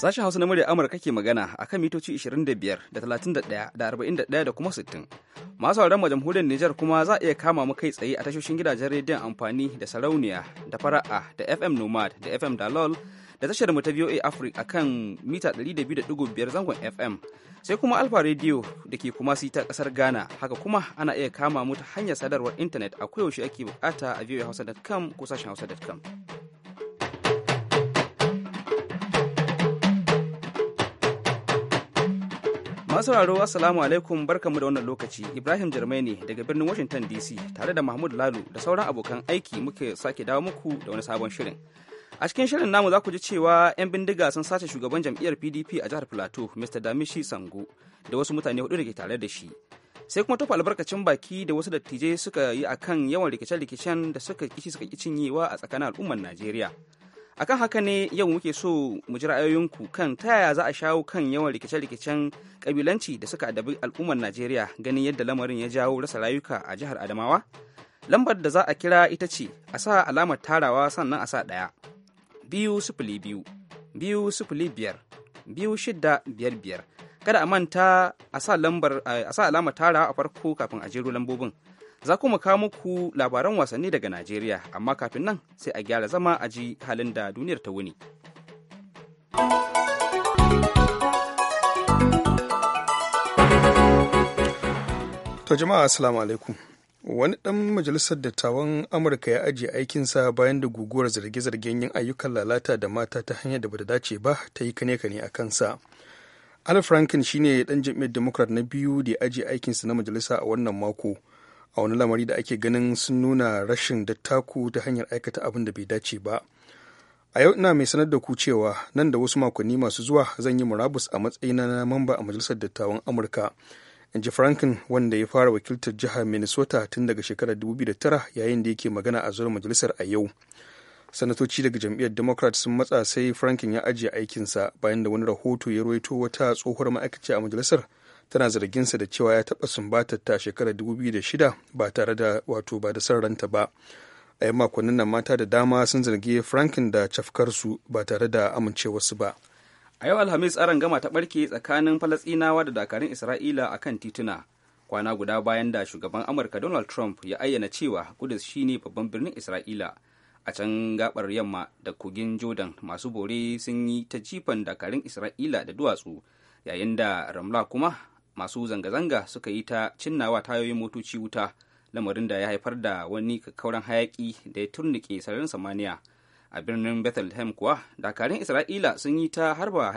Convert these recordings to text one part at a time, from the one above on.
Sashen Hausa na murya Amurka ke magana a kan mitoci 25 da 31 da 41 da kuma 60. Masu mu jamhuriyar Nijar kuma za a iya kama mu kai tsaye a tashoshin gidajen rediyon amfani da sarauniya da fara'a da FM Nomad da FM Dalol da tashar mu ta VOA Africa a kan mita 200.5 zangon FM. Sai kuma Alfa Radio da ke kuma si ta kasar Ghana haka kuma ana iya kama mu ta hanyar sadarwar intanet a koyaushe ake bukata a voahausa.com ko sashen hausa.com. Masu sauraro Assalamu alaikum barkamu da wannan lokaci Ibrahim Jarmai ne daga birnin Washington DC tare da Mahmud Lalu da sauran abokan aiki muke sake dawo muku da wani sabon shirin. A cikin shirin namu za ku ji cewa 'yan bindiga sun sace shugaban jam'iyyar PDP a jihar Plateau, Mr. Damishi Sango, da wasu mutane hudu da ke tare da shi. Sai kuma tofa albarkacin baki da wasu dattijai suka yi akan yawan rikice-rikicen da suka kici suka ki cinyewa a tsakanin al'ummar Najeriya. akan haka ne yau muke so mu ji ra'ayoyinku kan ta yaya za a shawo kan yawan rikice-rikicen kabilanci da suka adabi al'ummar najeriya ganin yadda lamarin ya jawo rasa rayuka a jihar adamawa lambar da za a kira ita ce a sa alamar tarawa sannan a sa ɗaya biyu sifili biyu biyu sifili biyar biyu shida biyar biyar kada a manta a sa alamar tarawa a farko kafin a jero lambobin Za kuma kawo muku labaran wasanni daga Najeriya, amma kafin nan sai a gyara zama a ji halin da duniyar ta wuni. To jama'a assalamu alaikum. Wani ɗan majalisar dattawan Amurka ya ajiye aikinsa bayan da guguwar zarge-zargen yin ayyukan lalata da mata ta hanyar da bata dace ba ta yi kane-kane a kansa. Al Franken shine ɗan jam'iyyar Democrat na biyu da ya ajiye aikinsa na majalisa a wannan mako. a wani lamari da ake ganin sun nuna rashin dattaku ta hanyar aikata abin da bai dace ba a yau ina mai sanar da ku cewa nan da wasu makonni masu zuwa zan yi murabus a matsayin na mamba a majalisar dattawan amurka in ji franklin wanda ya fara wakiltar jihar minnesota tun daga shekarar 2009 yayin da yake magana a zuwa majalisar a yau sanatoci daga jam'iyyar democrat sun matsa sai franklin ya ajiye aikinsa bayan da wani rahoto ya ruwaito wata tsohuwar ma'aikaci a majalisar tana sa da cewa ya taɓa sumbatar ta shekarar 2006 ba tare da wato ba da ranta ba a yan makonnin nan mata da dama sun zargi frankin da cafkarsu ba tare da amincewarsu ba a yau alhamis aron gama ta ɓarke tsakanin falasɗinawa da dakarun isra'ila a kan tituna kwana guda bayan da shugaban amurka donald trump ya ayyana cewa kudus shine babban birnin isra'ila a can gabar yamma da kogin jordan masu bore sun yi ta jifan dakarun isra'ila da duwatsu yayin da ramla kuma masu zanga-zanga suka yi ta cinnawa tayoyin motoci wuta lamarin da ya haifar da wani kakkauran hayaƙi da ya turnike sararin samaniya a birnin bethlehem kuwa dakarun isra'ila sun yi ta harba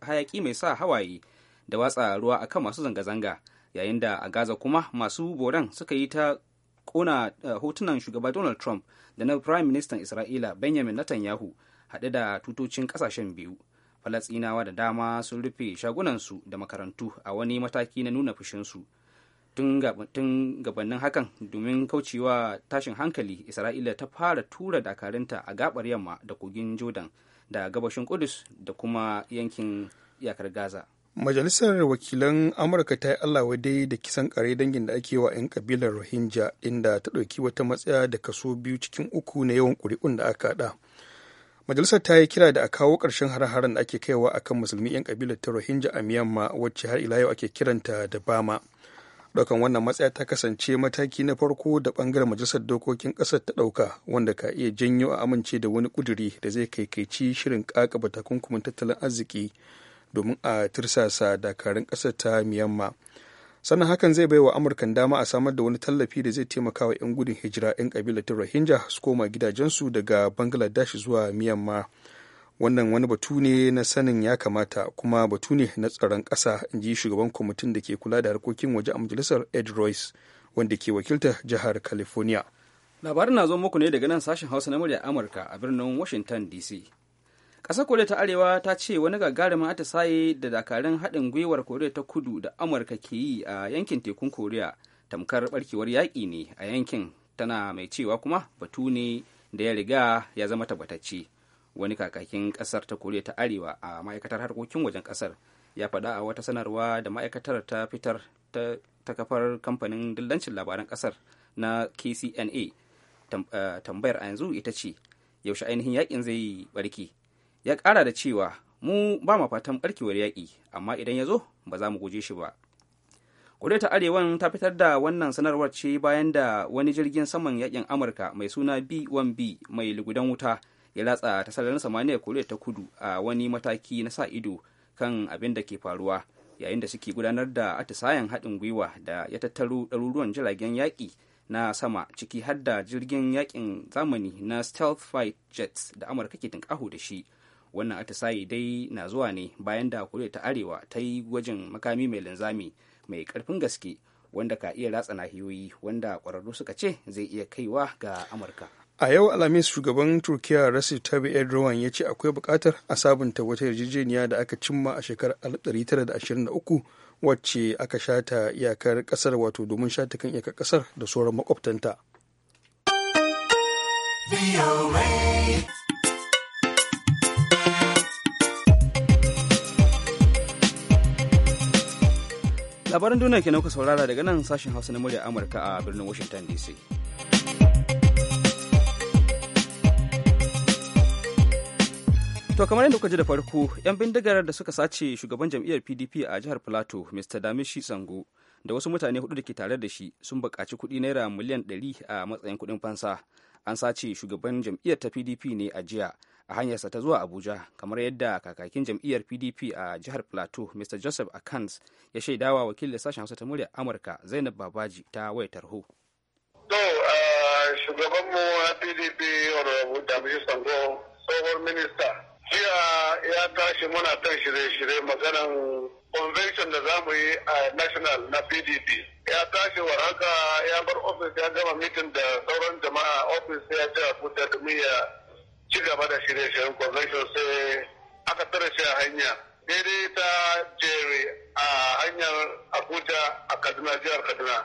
hayaki mai sa hawaye da watsa ruwa akan masu zanga-zanga yayin da a gaza kuma masu boran suka yi ta kona eh, hotunan shugaba donald trump da na prime minister isra'ila benjamin netanyahu haɗe da tutocin ƙasashen biyu falasinawa da dama sun rufe shagunansu da makarantu a wani mataki na nuna fushinsu tun gabanin hakan domin kaucewa tashin hankali isra'ila ta fara tura dakarunta a gabar yamma da kogin jordan da gabashin kudus da kuma yankin iyakar gaza majalisar wakilan amurka ta yi allawa dai da kisan kare dangin da ake wa 'yan kabilar rohingya inda ta ɗauki wata matsaya da kaso biyu cikin uku na yawan ƙuri'un da aka haɗa majalisar ta yi kira da a kawo ƙarshen hare-haren da ake kaiwa akan musulmi 'yan ƙabilar ta rohingya a myanmar wacce har ila yau ake kiranta da bama daukan wannan matsaya ta kasance mataki na farko da ɓangaren majalisar dokokin ƙasar ta ɗauka wanda ka iya janyo a amince da wani ƙuduri da zai kaikaici shirin ƙaƙaba takunkumin tattalin arziki domin a tirsasa dakarun ƙasar ta myanmar sannan hakan zai baiwa amurkan dama a samar da wani tallafi da zai taimaka wa 'yan gudun hijira 'yan kabilar rohingya su koma gidajensu daga bangladesh zuwa myanmar wannan wani batu ne na sanin ya kamata kuma batu ne na tsaron ƙasa in ji shugaban kwamitin da ke kula da harkokin waje a majalisar ed royce wanda ke wakiltar jihar california labarin na zo muku ne daga nan sashen hausa na murya amurka a birnin washington dc ƙasar koriya ta arewa ta ce wani gagarumin atisaye da dakarun haɗin gwiwar koriya ta kudu da amurka ke yi a yankin tekun koriya tamkar barkewar yaƙi ne a yankin tana mai cewa kuma batu ne da ya riga ya zama tabbatacce wani kakakin ƙasar ta koriya ta arewa a ma'aikatar harkokin wajen ƙasar ya faɗa a wata sanarwa da ma'aikatar ta fitar ta kafar kamfanin dillancin labaran ƙasar na kcna eh, tambayar a yanzu ita ce yaushe ainihin yakin zai barke ya ƙara da cewa mu ba ma fatan barkewar yaƙi amma idan ya zo ba za mu guje shi ba koriya ta arewan ta fitar da wannan sanarwar ce bayan da wani jirgin saman yakin amurka mai suna b1b mai lugudan wuta ya latsa ta sararin samaniya koriya ta kudu a wani mataki na sa ido kan abin da ke faruwa yayin da suke gudanar da atisayen haɗin gwiwa da ya tattaro ɗaruruwan jiragen yaƙi na sama ciki har da jirgin yaƙin zamani na stealth fight jets da amurka ke tunƙaho da shi wannan atisaye dai na zuwa ne bayan da koriya ta arewa ta yi gwajin makami mai linzami mai karfin gaske wanda ka iya ratsa nahiyoyi wanda kwararru suka ce zai iya kaiwa ga amurka a yau alhamis shugaban turkiya recep tayyip erdogan ya ce akwai bukatar a sabunta wata yarjejeniya da aka cimma a shekarar 1923 wacce aka shata iyakar kasar wato domin shata kan iyakar kasar da sauran makwabtanta. labaran duniya kenan nauka saurara daga nan sashen hausa na murya amurka a birnin washington dc To kamar yadda kuka ji da farko, 'yan bindigar da suka sace shugaban jam'iyyar PDP a jihar Plateau, Mr. Damishi Sango, da wasu mutane hudu da ke tare da shi sun bukaci kuɗi naira miliyan 100 a matsayin kuɗin fansa. An sace shugaban jam'iyyar ta PDP ne a jiya a hanyarsa ta zuwa abuja kamar yadda kakakin jam'iyyar pdp a jihar plateau mr joseph akans ya shaidawa wakilin sashen hausa ta murya amurka zainab babaji ta waye tarho to shugabanmu na pdp tsohon minista jiya ya tashi muna kan shirye-shirye maganan convention da za mu yi a national na pdp ya tashi war haka ya bar ofis ya gama mitin da sauran jama'a ofis ya a kuta domin ya ci gaba da shirye-shiryen convention sai aka tare shi a hanya daidai ta jere a hanyar abuja a kaduna jihar kaduna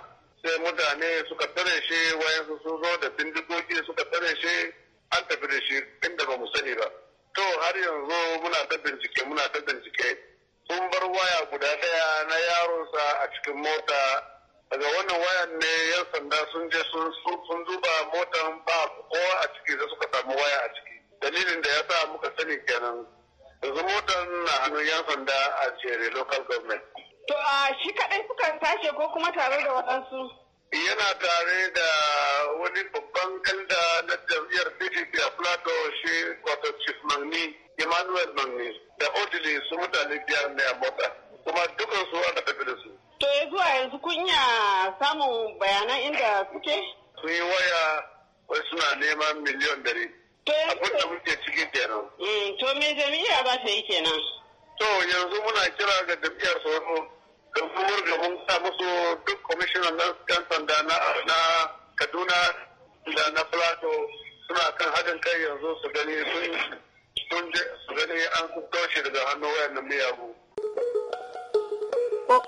sai mutane suka tare shi wayansu sun zo da bindigogi suka tare shi an tafi da shi inda ba mu sani ba to har yanzu muna ta bincike muna ta bincike sun bar waya guda daya na yaronsa a cikin mota daga wannan wayan ne yan sanda sun je sun Jere local government. To a shi kaɗai sukan tashi ko kuma tare da waɗansu? Yana tare da wani babban kalda na jam'iyyar PDP a Plato shi wato Chief Magni, Emmanuel Magni, da Odile su mutane biyar ne a mota. Kuma su ana tafi da su. To ya zuwa yanzu kunya samun bayanan inda suke? Sun yi waya wai suna neman miliyon dari. To yanzu. Abin da muke ciki kenan. Mm, to me jami'a ba ta yi kenan? to yanzu muna kira ga jam'iyyar sauro da kuma gaban sa musu duk kwamishinan na yan sanda na kaduna da na plato suna kan haɗin kai yanzu su gani sun je su gani an toshe daga wayan na miyagu. Oh.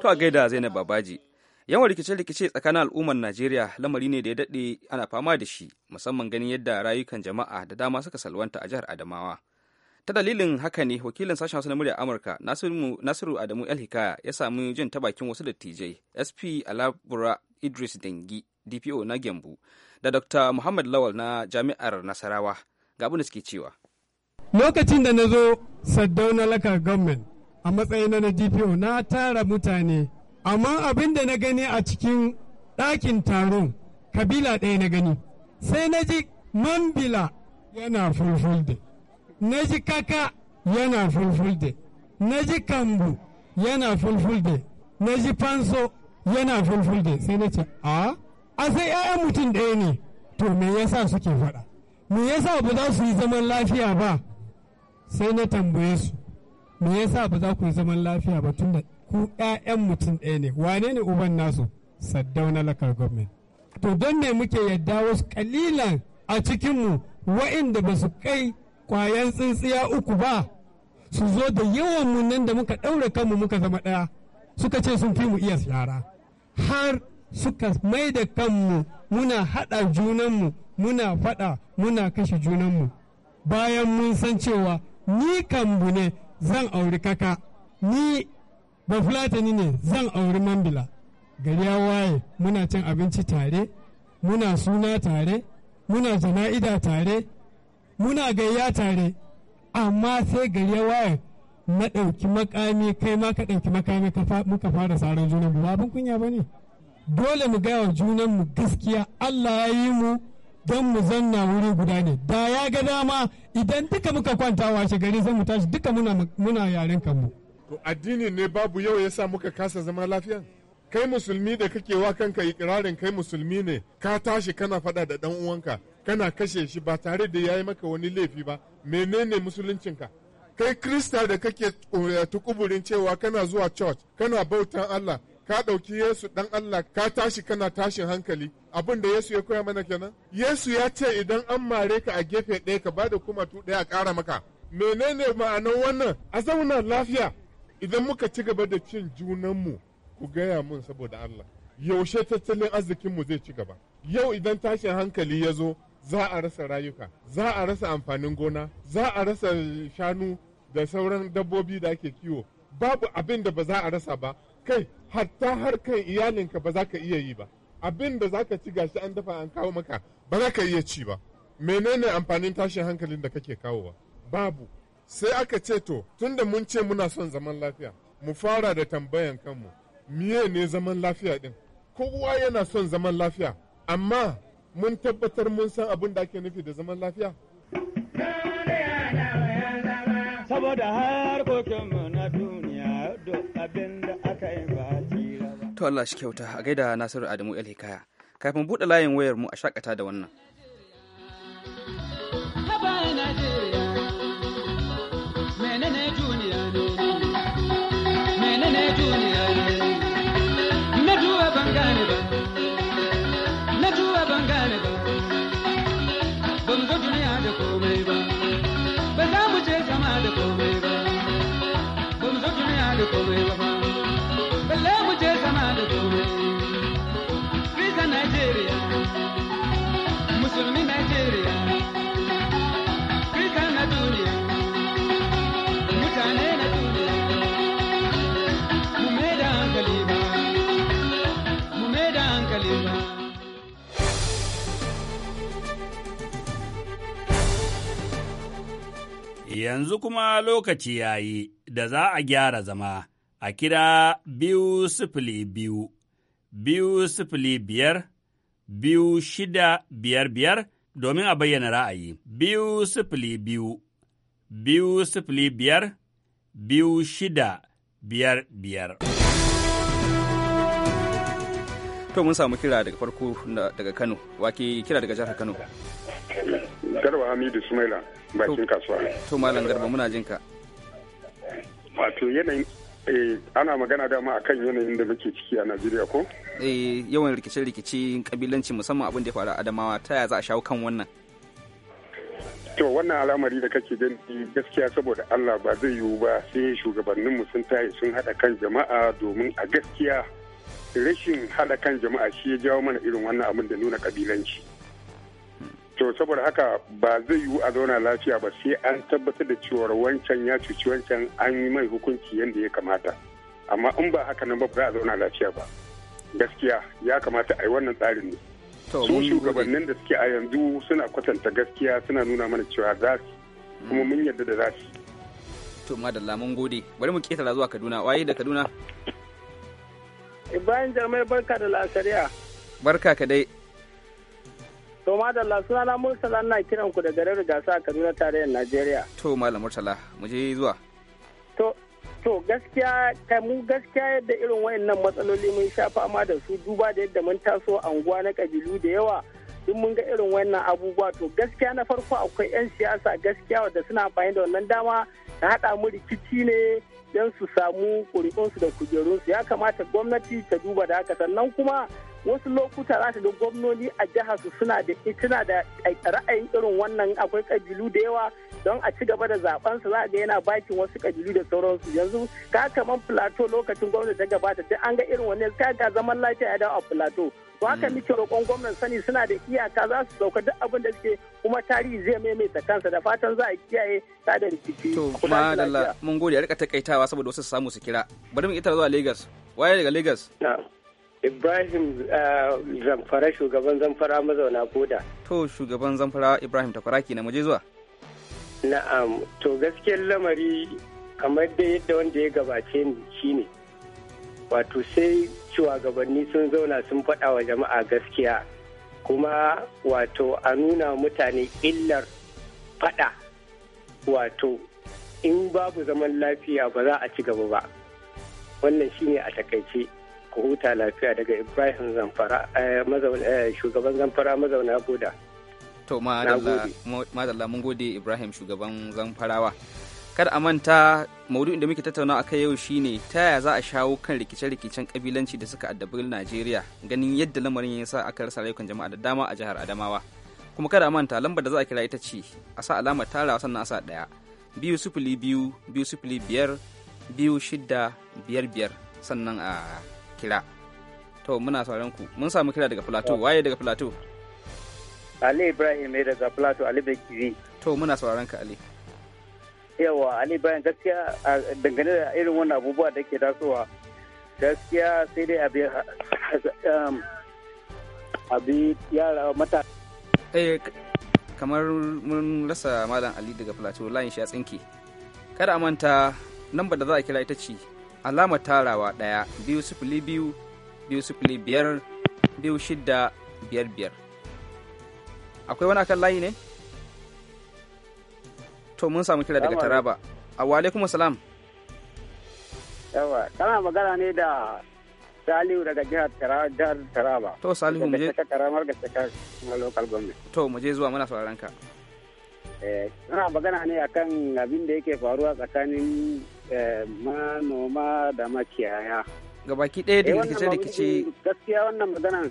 To a gaida Zainab Babaji, yawan rikice-rikice tsakanin al'ummar najeriya lamari ne da ya daɗe ana fama da shi musamman ganin yadda rayukan jama'a da dama suka salwanta a jihar adamawa ta dalilin haka ne wakilin sashen hausa na murya amurka nasiru adamu el hikaya ya sami jin ta bakin wasu dattijai sp alabura idris dengi dpo na gembu da dr muhammad lawal na jami'ar nasarawa ga abin da suke cewa lokacin da na zo saddauna laka government a matsayin na dpo na tara mutane amma abin da na gani a cikin ɗakin taron kabila ɗaya na gani sai na ji mambila yana fulfulde na ji kaka yana fulfulde na ji kambu yana fulfulde na ji fanso yana fulfulde sai na ce a a sai 'ya'yan mutum ɗaya ne to me yasa suke faɗa me yasa ba za su yi zaman lafiya ba sai na tambaye su me yasa ba za ku yi zaman lafiya ba tun da ku 'ya'yan mutum ɗaya ne wane ne uban nasu na lakar gwamnati to don ne muke yadda wasu kalilan a cikinmu wa'inda ba su kai kwayan tsintsiya uku ba su zo da yawan mu nan da muka ɗaure kanmu muka zama ɗaya suka ce sun fi mu iya yara har suka mai da kanmu muna haɗa junanmu muna faɗa muna kashe junanmu bayan mun san cewa ni bu ne zan auri kaka ni ba fulatani ne zan auri mambila gari ya waye muna cin abinci tare muna suna tare muna jana'ida tare muna gayya tare amma sai gari ya waye na ɗauki makami kai ma ka ɗauki makami muka fara saran junan ba abin kunya ba ne dole mu gaya wa junanmu gaskiya allah ya yi mu don mu zanna wuri guda ne da ya ga dama idan duka muka kwanta washe gari sai mu tashi duka muna yaren kanmu to addini ne babu yau ya sa muka kasa zama lafiya kai musulmi da kake wa kanka ikirarin kai musulmi ne ka tashi kana faɗa da ɗan uwanka kana kashe shi ba tare da ya yi maka wani laifi ba menene musuluncinka kai krista da kake eh, tukuburin cewa kana zuwa church kana bautan Allah ka ɗauki Yesu ɗan Allah ka tashi kana tashin hankali abin da Yesu ya koya mana kenan Yesu ya ce idan an mare ka a gefe ɗaya ka bada kuma tu ɗaya a ƙara maka menene ma'anar wannan a zauna lafiya idan muka ci gaba da cin junanmu ku gaya mun saboda Allah yaushe tattalin arzikinmu zai ci gaba yau idan tashin hankali ya zo za a rasa rayuka za a rasa amfanin gona za a rasa shanu da sauran dabbobi da ake kiwo babu abin da ba za a rasa ba kai hatta harkan iyalinka ba za ka iya yi ba abin da za ka ci gashi an dafa an kawo maka ba za ka iya ci ba menene amfanin tashin hankalin da kake kawowa babu sai aka ce to tunda mun ce muna son zaman lafiya mu fara da tambayan kanmu miye ne zaman lafiya din kowa yana son zaman lafiya amma mun tabbatar mun san abin da ake nufi da zaman lafiya saboda na duniya duk abin aka yi ba to Allah shi kyauta a gaida Nasiru Adamu El Hikaya kafin buɗe layin wayar mu a shakata da wannan musulmi Najeriya, Kirka na duniya, mutane na duniya, mu mai da hankali ba, mu da hankali ba. Yanzu kuma lokaci ya yi da za a gyara zama, a kira biyu sifili biyu, biyu sifili biyar, biyu shida biyar biyar domin a bayyana ra'ayi. Biyu sifili biyu, biyu sifili biyar, biyu shida biyar biyar. To mun samu kira daga farko daga Kano, wake kira daga jihar Kano. Garba Hamidu Sumaila, bakin kasuwa. To Malam Garba muna jinka. Wato yanayin Eh, ana magana dama akan yanayin da muke ciki a Najeriya ko? Eh, yawan rikice-rikice kabilanci musamman abin da ya faru a Adamawa ta yaya za a shawo kan wannan? To wannan al'amari da kake gani gaskiya saboda Allah ba zai yiwu ba sai shugabanninmu sun tayi sun haɗa kan jama'a domin a gaskiya rashin haɗa kan jama'a shi ya jawo mana irin wannan abin da nuna kabilanci. to saboda haka ba zai yiwu a zauna lafiya ba sai an tabbatar da cewar wancan ya cuci wancan an yi mai hukunci yadda ya kamata amma in ba haka nan ba za a zauna lafiya ba gaskiya ya kamata a yi wannan tsarin ne su shugabannin da suke a yanzu suna kwatanta gaskiya suna nuna mana cewa za su kuma mun yarda da za su to madalla mun gode bari mu ketara zuwa kaduna waye da kaduna ibrahim jarmai barka da lasariya barka ka dai To madalla suna na Murtala na kiran ku da garin gasa a Kaduna tarayyar Najeriya. To malam Murtala mu je zuwa. To to gaskiya kai mu gaskiya yadda irin wayannan matsaloli mun sha fama da su duba da yadda mun taso anguwa na kabilu da yawa duk mun ga irin wayannan abubuwa to gaskiya na farko akwai 'yan siyasa gaskiya wadda suna amfani da wannan dama ta haɗa mu rikici ne don su samu ƙuri'unsu da kujerunsu ya kamata gwamnati ta duba da haka sannan kuma wasu lokuta za ka ga gwamnoni a jihar su suna da ituna da ra'ayin irin wannan akwai kabilu da yawa don a ci gaba da zaben su za ga yana bakin wasu kabilu da sauransu yanzu ka kaman plateau lokacin gwamnati ta gabata sai an ga irin wannan ka ga zaman lafiya ya dawo a plateau to haka hmm. muke roƙon gwamnan sani suna da iyaka za su dauka duk abin da suke kuma tarihi zai maimaita kansa da fatan za a kiyaye ta rikici. To madalla mun gode a rika takaitawa saboda wasu samu su kira bari mu ita zuwa Lagos waye daga Lagos. Ibrahim uh, Zamfara shugaban Zamfara mazauna koda. To shugaban Zamfara Ibrahim Takwara ke na muje zuwa. Na'am, to gaskiyar lamari kamar da yadda wanda ya gabace ni ne Wato sai shugabanni sun zauna sun faɗa wa jama'a gaskiya kuma wato a nuna mutane illar faɗa wato in babu zaman lafiya ba za a ci gaba ba. Wannan shi ne a takaice. ku huta lafiya daga Ibrahim Zamfara eh, eh, shugaban Zamfara mazauna Boda. To madalla mun gode Ibrahim shugaban Zamfarawa. Kada a manta maudu'in da muke tattauna akai yau shine ta yaya za a shawo kan rikice-rikicen kabilanci da suka addabi Najeriya ganin yadda lamarin ya sa aka rasa rayukan jama'a da dama a jihar Adamawa. Kuma kada a manta lambar da za a kira ita ce a sa alamar tarawa sannan a sa ɗaya biyu sufuli biyu biyu sufuli biyar biyu shidda biyar biyar sannan a kira to muna sauran ku mun samu kira daga plateau waye daga plateau ali ibrahim ne daga plateau ali bekiri to muna sauran ka ali yawa ali ibrahim gaskiya dangane da irin wannan abubuwa da ke tasowa gaskiya sai dai abi um, abi yara mata eh kamar mun rasa malam ali daga plateau layin shi ya tsinke kada a manta lambar da za a kira ita ce alama tarawa ɗaya biyu sifili biyu biyu sifili biyar biyu shida biyar biyar akwai wani akan layi ne to mun samu kira daga taraba awalaikum salam yawa kana magana ne da salihu daga jihar taraba to salihu mu je karamar ga tsakar na local government to mu je zuwa muna sauraron ka eh kana magana ne akan abin da yake faruwa tsakanin Eh, manoma da makiyaya gabaki ɗaya da eh, rikice-rikice mm, gaskiya wannan maganan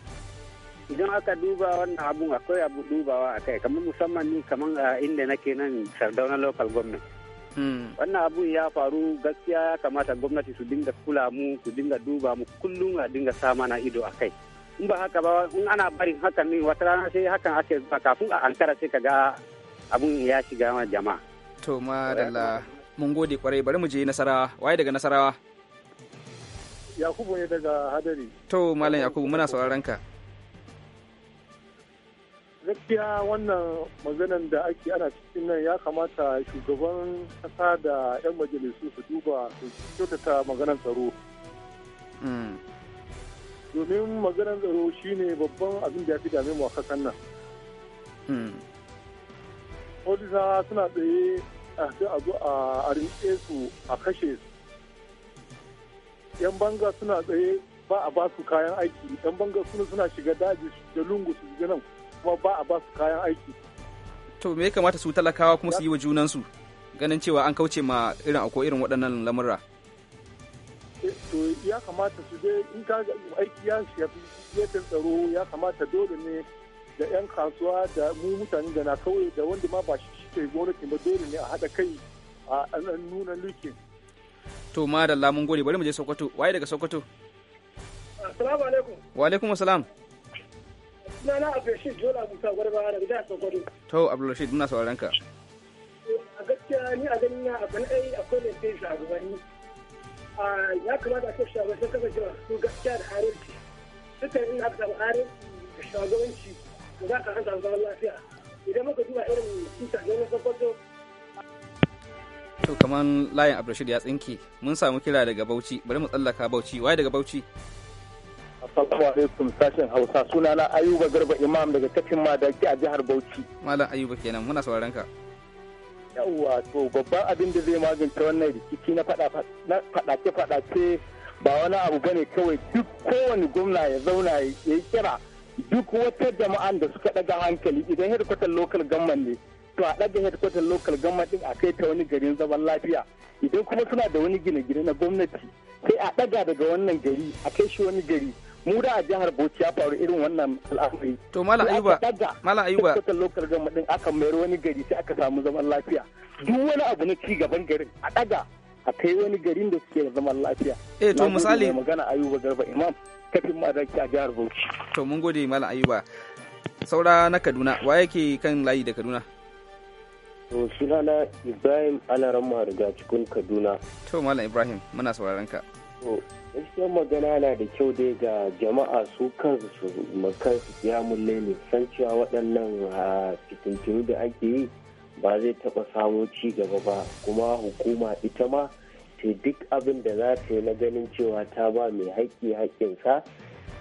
idan aka duba wannan abun akwai abu dubawa a kai kamar musamman ni kamar a inda nake nan sardauna local government hmm. wannan abun ya faru gaskiya ya kamata gwamnati su dinga kula mu su dinga duba mu kullum a dinga sa mana ido a kai in ba haka ba in ana barin hakan ne wata rana sai hakan ake zuwa kafin a ankara sai ka ga abun ya shiga jama'a to madalla mun gode kwarai bari mu je nasara waye daga nasarawa yakubu ne daga hadari to malam yakubu muna sauraron ka gaskiya wannan maganan da ake ana cikin nan ya kamata shugaban kasa da 'yan majalisu su duba su kyautata maganan tsaro hmm. domin maganan tsaro shine babban abin da ya fi dame mu a kasan nan hmm. odisa suna tsaye sai a zo a rinke su a kashe su yan banga suna tsaye ba a ba su kayan aiki yan banga suna suna shiga daji da lungu su ji nan kuma ba a ba su kayan aiki to me ya kamata su talakawa kuma su yi wa junan su ganin cewa an kauce ma irin ako irin waɗannan lamurra eh, to ya kamata su je in ka aiki ya shafi gefen tsaro ya kamata dole ne da 'yan kasuwa da mu mutane da na kauye da wanda ma ba shi ce gwamnati ba dole ne a haɗa kai a ɗan nuna liki. To ma da lamun gode bari mu je Sokoto waye daga Sokoto. Assalamu alaikum. Wa alaikum assalam. Sunana Abdulrashid Jola Musa Gwarba daga jihar Sokoto. To Abdulrashid muna sauraron ka. A gaskiya ni a ganin na abin ai akwai da sai shagabanni. Ya kamata a ce shagabanni sun jiwa masu gaskiya da harinci. Dukkan ina aka samu harinci da shugabanci da za ka hanta zaman lafiya. kamar layin abdulrashid ya tsinke mun samu kira daga bauchi bari mu tsallaka bauchi waye daga bauchi assalamu alaikum sashen hausa sunana ayuba garba imam daga kafin madaki a jihar bauchi malam ayuba kenan muna sauraron ka yawwa to babban abin da zai magance wannan rikici na fadace fadace ba wani abu bane kawai duk kowane gwamna ya zauna ya kira duk wata jama'an da suka daga hankali idan hedkwatar lokal gamman ne to a ɗaga headquarter local government din a kai ta wani garin zaman lafiya idan kuma suna da wani gine-gine na gwamnati sai a ɗaga daga wannan gari a kai shi wani gari mu da a jihar Bauchi ya faru irin wannan al'amari. To mala Ayuba, mala Ayuba. Sai lokal government din aka mayar wani gari sai aka samu zaman lafiya. Duk wani abu na ci gaban garin a ɗaga a kai wani garin da suke zaman lafiya. Eh to misali. magana Ayuba Garba Imam kafin madaki a jihar Bauchi. To mun gode mala Ayuba. Saura na Kaduna, wa yake kan layi da Kaduna? To sunana Ibrahim alaran daga cikin Kaduna. To Malam Ibrahim muna sauraron ka. To gaskiyar magana na da kyau dai ga jama'a su kansu su makansu ya mulle ne san cewa waɗannan ah, fitintunu da ake yi ba zai taɓa samo ci gaba ba kuma hukuma ita ma ta duk abin da za ta yi na ganin cewa ta ba mai haƙƙi haƙƙinsa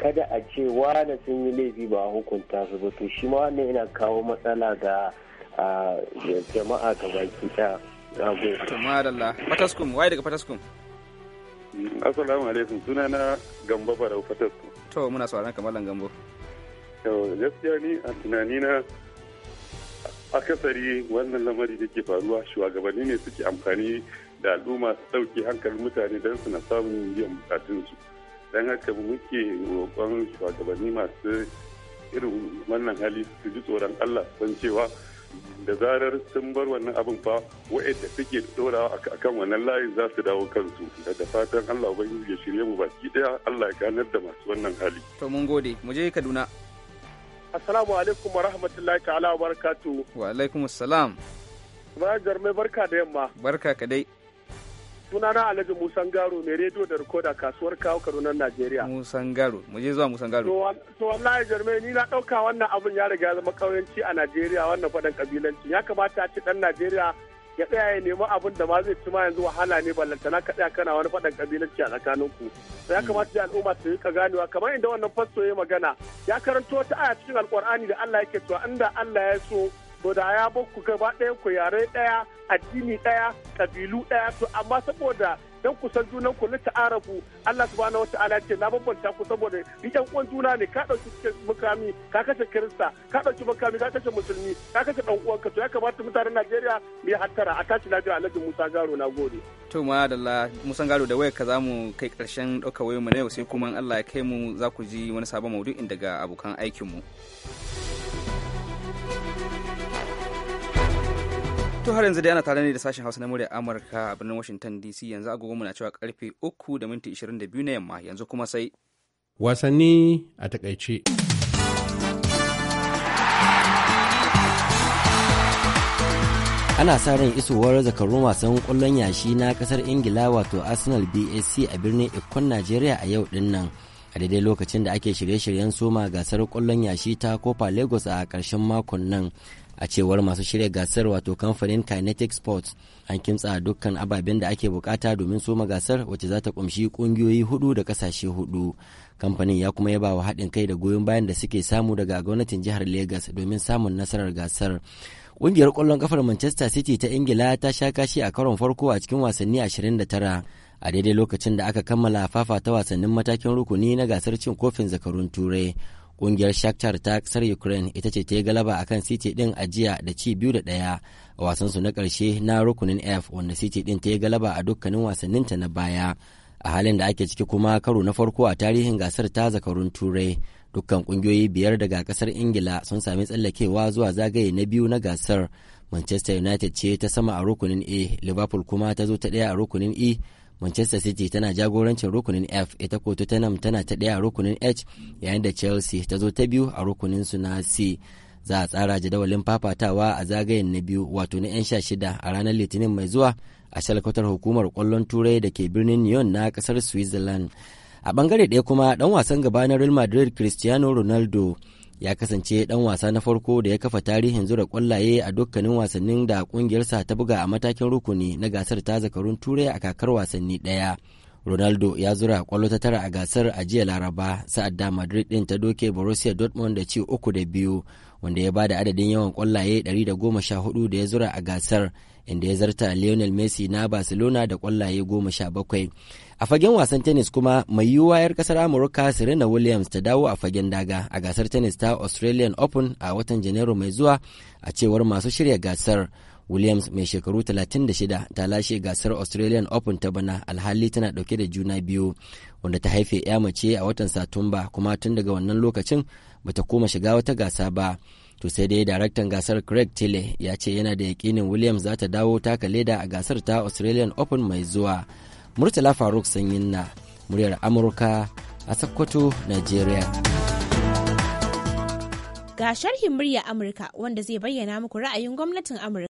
kada a ce wane sun yi laifi ba hukunta su ba to shi ma wannan yana kawo matsala ga a jama'a ta baki ta gode. to madalla fataskum waye daga fataskum assalamu alaikum suna na gamba barau fataskum to muna sauran kamalan gambo to gaskiya ni a tunanina akasari wannan lamari da ke faruwa shugabanni ne suke amfani da al'umma su ɗauke hankalin mutane don su na samun biyan bukatunsu don haka muke roƙon shugabanni masu irin wannan hali su ji tsoron allah don cewa da zarar sun bar wannan abin fa wa'anda suke dora a kan wannan layin za su dawo kansu da fatan Allah yi ya shirye mu baki daya Allah ya ganar da masu wannan hali to mun gode mu je Kaduna Assalamu alaikum wa rahmatullahi ta'ala wa barakatuh wa alaikum assalam Ibrahim Jarmai barka da yamma barka kadai sunana alhaji musan garo mai rediyo da rikoda kasuwar kawo karunan najeriya musan garo mu je zuwa musan garo to wallahi jarmai ni na dauka wannan abun ya riga zama kauyanci a najeriya wannan fadan kabilanci ya kamata a ci dan najeriya ya tsaya ya nemi abin da ma zai ci ma yanzu wahala ne ballantana ka tsaya kana wani fadan kabilanci a tsakanin ku ya mm. kamata da al'umma su rika ganewa kamar inda wannan fasto ya magana ya karanto wata aya cikin alkur'ani da Allah yake cewa inda Allah ya so to da ya ku gaba ɗaya ku yare ɗaya addini ɗaya ƙabilu ɗaya to amma saboda dan ku san junan ku lita arabu Allah subhanahu wataala ce na bambanta ku saboda ni ɗan uwan juna ne ka dauki mukami ka kashe kirista ka dauki mukami ka kashe musulmi ka kashe dan uwanka to ya kamata mutanen Najeriya mu yi hattara a tashi lafiya Alhaji Musa Garo na gode to ma Allah Musa Garo da wayar ka mu kai karshen ɗaukar wayo mu na yau sai kuma Allah ya kai mu za ku ji wani sabon maudu'in daga abokan aikin mu To har yanzu dai ana tare ne da sashen Hausa na murya Amurka a birnin Washington DC yanzu agogo muna cewa karfe 3 da minti 22 na yamma yanzu kuma sai wasanni a takaice. ana sa ran isowar zakarun wasan kwallon yashi na kasar ingila wato arsenal BAC a birnin ikon najeriya a yau din nan a daidai lokacin da ake shirye-shiryen soma gasar kwallon yashi ta copa lagos a karshen makon nan a cewar masu shirya gasar wato kamfanin kinetic sports an kimtsa dukkan ababen da ake bukata domin soma gasar wacce za ta kumshi kungiyoyi hudu da kasashe hudu kamfanin ya kuma yaba wa haɗin kai da goyon bayan da suke samu daga gwamnatin jihar lagos domin samun nasarar gasar ƙungiyar ƙwallon ƙafar manchester city ta ingila ta sha kashi a karon farko a cikin wasanni 29 a daidai lokacin da aka kammala fafa ta wasannin matakin rukuni na gasar cin kofin zakarun turai kungiyar Shakhtar ta kasar Ukraine ita ce ta yi galaba akan City din a jiya da ci biyu da ɗaya a wasansu na karshe na rukunin F wanda City ɗin ta yi galaba a dukkanin wasanninta na baya. A halin da ake ciki kuma karo na farko a tarihin gasar ta zakarun Turai. Dukkan ƙungiyoyi biyar daga kasar Ingila sun sami tsallakewa zuwa zagaye na biyu na gasar. Manchester United ce ta sama a rukunin A, Liverpool kuma ta zo ta ɗaya a rukunin E, manchester city tana jagorancin rukunin f ita ko tottenham tana ta ɗaya a rukunin h yayin da chelsea ta zo ta biyu a rukunin su na c za a tsara jadawalin fafatawa a zagayen na biyu wato na 'yan sha shida a ranar litinin mai zuwa a shalkatar hukumar kwallon turai da ke birnin Lyon na kasar Switzerland. A bangare ɗaya kuma ɗan wasan gaba na Real Madrid Cristiano Ronaldo ya kasance dan wasa na farko da ya kafa tarihin zura kwallaye a dukkanin wasannin da kungiyarsa ta buga a matakin rukuni na gasar ta zakarun turai a kakar wasanni daya ronaldo ya zura kwallo ta tara a gasar a jiya laraba sa'ad da madrid din ta doke borussia dortmund da ci uku da biyu wanda ya bada adadin yawan kwallaye 114 da ya zura a gasar inda ya zarta lionel messi na barcelona da kwallaye goma sha bakwai a fagen wasan tennis kuma mai yiwuwa 'yar kasar amurka serena williams ta dawo a fagen daga a gasar tennis ta australian open a watan janairu mai zuwa a cewar masu shirya gasar williams mai shekaru 36 ta lashe gasar australian open ta bana alhali tana dauke da juna biyu wanda ta haife ya mace a watan satumba kuma tun daga wannan lokacin bata koma shiga wata gasa ba to sai dai daraktan gasar craig tile ya ce yana da yakinin williams za ta dawo taka leda a gasar ta australian open mai zuwa murtala faruk sanyin na muryar amurka a sokoto nigeria ga sharhin murya amurka wanda zai bayyana muku ra'ayin gwamnatin amurka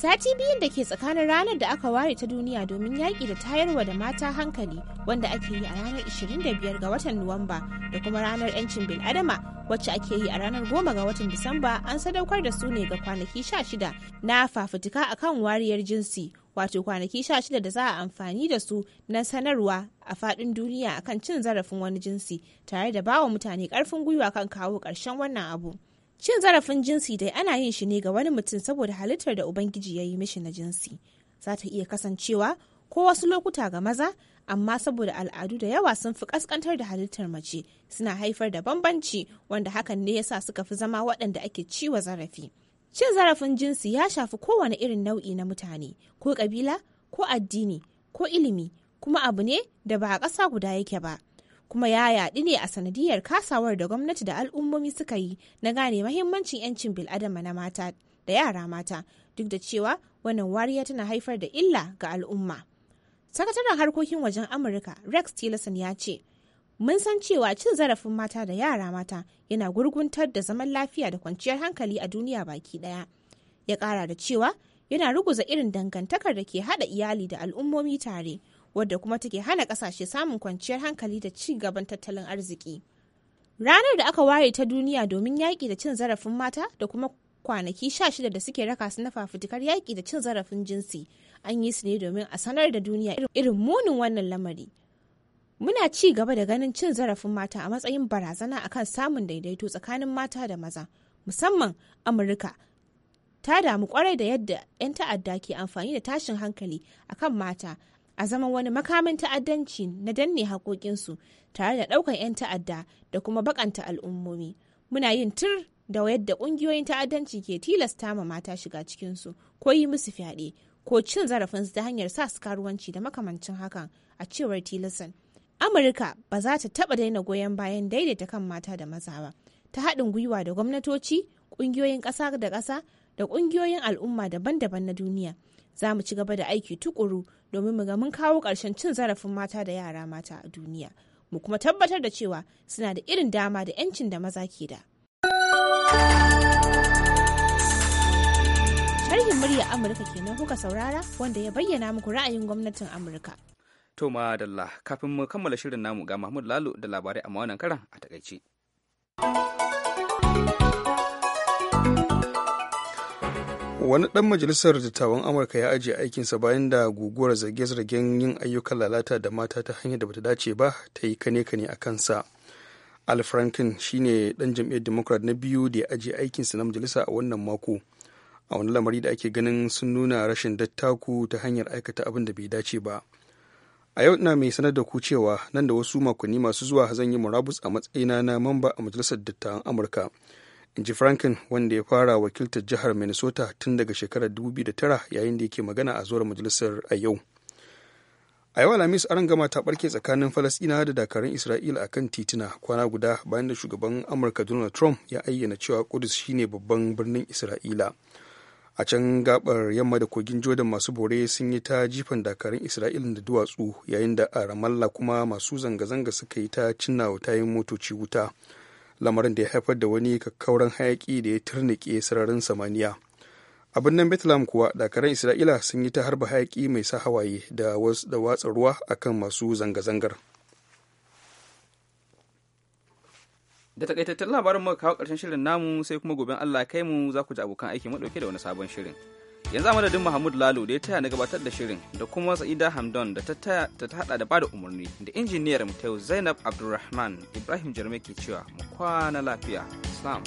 Sati biyun da ke tsakanin ranar da aka ware ta duniya domin yaƙi da tayarwa da mata hankali wanda ake yi a ranar 25 ga watan Nuwamba da kuma ranar 'yancin bil'adama wacce ake yi a ranar 10 ga watan Disamba an sadaukar da su ne ga kwanaki 16 na fafutuka akan wariyar jinsi wato kwanaki 16 da za a amfani da su na sanarwa a faɗin duniya akan cin zarafin wani jinsi tare da bawa mutane ƙarfin gwiwa kan kawo ƙarshen wannan abu. Cin zarafin jinsi dai ana yin shi ne ga wani mutum saboda halittar da Ubangiji ya yi mishi na jinsi. Za ta iya kasancewa ko wasu lokuta ga maza, amma saboda al'adu da yawa sun fi kaskantar da halittar mace suna haifar da bambanci wanda hakan ne ya sa suka fi zama waɗanda ake ciwa zarafi. Cin zarafin jinsi ya shafi kowane irin nau'i na mutane, ko ƙabila, ko addini, ko ilimi, kuma abu ne da ba a ƙasa guda yake ba. kuma ya yaɗi ne a sanadiyar kasawar da gwamnati da al'ummomi suka yi na gane mahimmancin 'yancin bil'adama na mata da yara mata duk da cewa wannan wariya tana haifar da illa ga al'umma. Sakataren harkokin wajen Amurka Rex Tillerson ya ce, Mun san cewa cin zarafin mata da yara mata yana gurguntar da zaman lafiya da kwanciyar hankali a duniya baki ɗaya. Ya ƙara da cewa yana ruguza irin dangantakar da ke haɗa iyali da al'ummomi tare. wadda kuma take hana kasashe samun kwanciyar hankali da ci gaban tattalin arziki. Ranar da aka ware ta duniya domin yaƙi da cin zarafin mata da kuma kwanaki sha shida da suke raka su na fafutukar yaƙi da cin zarafin jinsi an yi su ne domin a sanar da duniya irin munin wannan lamari. Muna ci gaba da ganin cin zarafin mata a matsayin barazana akan samun daidaito tsakanin mata da maza, musamman Amurka. Ta damu kwarai da yadda 'yan ta'adda ke amfani da tashin hankali akan mata a zaman wani makamin ta'addanci na danne haƙoƙinsu tare da ɗaukar 'yan ta'adda da kuma bakanta al'ummomi muna yin tur da yadda ƙungiyoyin ta'addanci ke tilasta ma mata shiga cikinsu ko yi musu fyaɗe ko cin zarafinsu ta hanyar sa su karuwanci da makamancin hakan a cewar tilasan amurka ba za ta taɓa daina goyon bayan daidaita kan mata da maza ba ta haɗin gwiwa da gwamnatoci ƙungiyoyin ƙasa da ƙasa da ƙungiyoyin al'umma daban-daban na duniya za mu ci gaba da aiki tukuru domin mu ga mun kawo ƙarshen cin zarafin mata da yara mata a duniya mu kuma tabbatar da cewa suna da irin dama da 'yancin da maza ke da. Sharhin murya Amurka kenan kuka saurara wanda ya bayyana muku ra'ayin gwamnatin Amurka. To madalla kafin mu kammala shirin namu ga Mahmud Lalo da labarai a wannan karan a takaice. wani dan majalisar dattawan amurka ya ajiye aikinsa bayan da guguwar zarge-zargen yin ayyukan lalata da mata ta hanyar da bata dace ba ta yi kane-kane a kansa al franken shine dan jam'iyyar democrat na biyu da ya ajiye aikinsa na majalisa a wannan mako a wani lamari da ake ganin sun nuna rashin dattaku ta hanyar aikata abin da bai dace ba a yau ina mai sanar da ku cewa nan da wasu makonni masu zuwa zan yi murabus a matsayina na mamba a majalisar dattawan amurka in ji franklin wanda ya fara wakiltar jihar minnesota tun daga shekarar 2009 yayin da yake magana a zuwar majalisar a yau a yau alhamis an gama ta barke tsakanin falasɗina da dakarun isra'ila a kan titina kwana guda bayan da shugaban amurka donald trump ya ayyana cewa kudus shine babban birnin isra'ila a can gabar yamma da kogin jordan masu bore sun yi ta jifan dakarun isra'ila da duwatsu yayin da a ramallah kuma masu zanga-zanga suka yi ta cinna tayin motoci wuta lamarin da ya haifar da wani kakkauran hayaƙi da ya turnike sararin samaniya a birnin bethlehem kuwa dakaran isra'ila sun yi ta harba hayaki mai sa hawaye da watsa ruwa akan masu zanga-zangar da takaitattun labarin mu kawo karshen shirin namu sai kuma goben allah kai mu za ku ji abokan aiki mu da wani sabon shirin yanzu madadin mahmud lalu da ya taya na gabatar da shirin da kuma sa'ida hamdon da ta hada da bada umarni da injiniyar mu zainab abdulrahman ibrahim jarme ke cewa mu kwana lafiya islam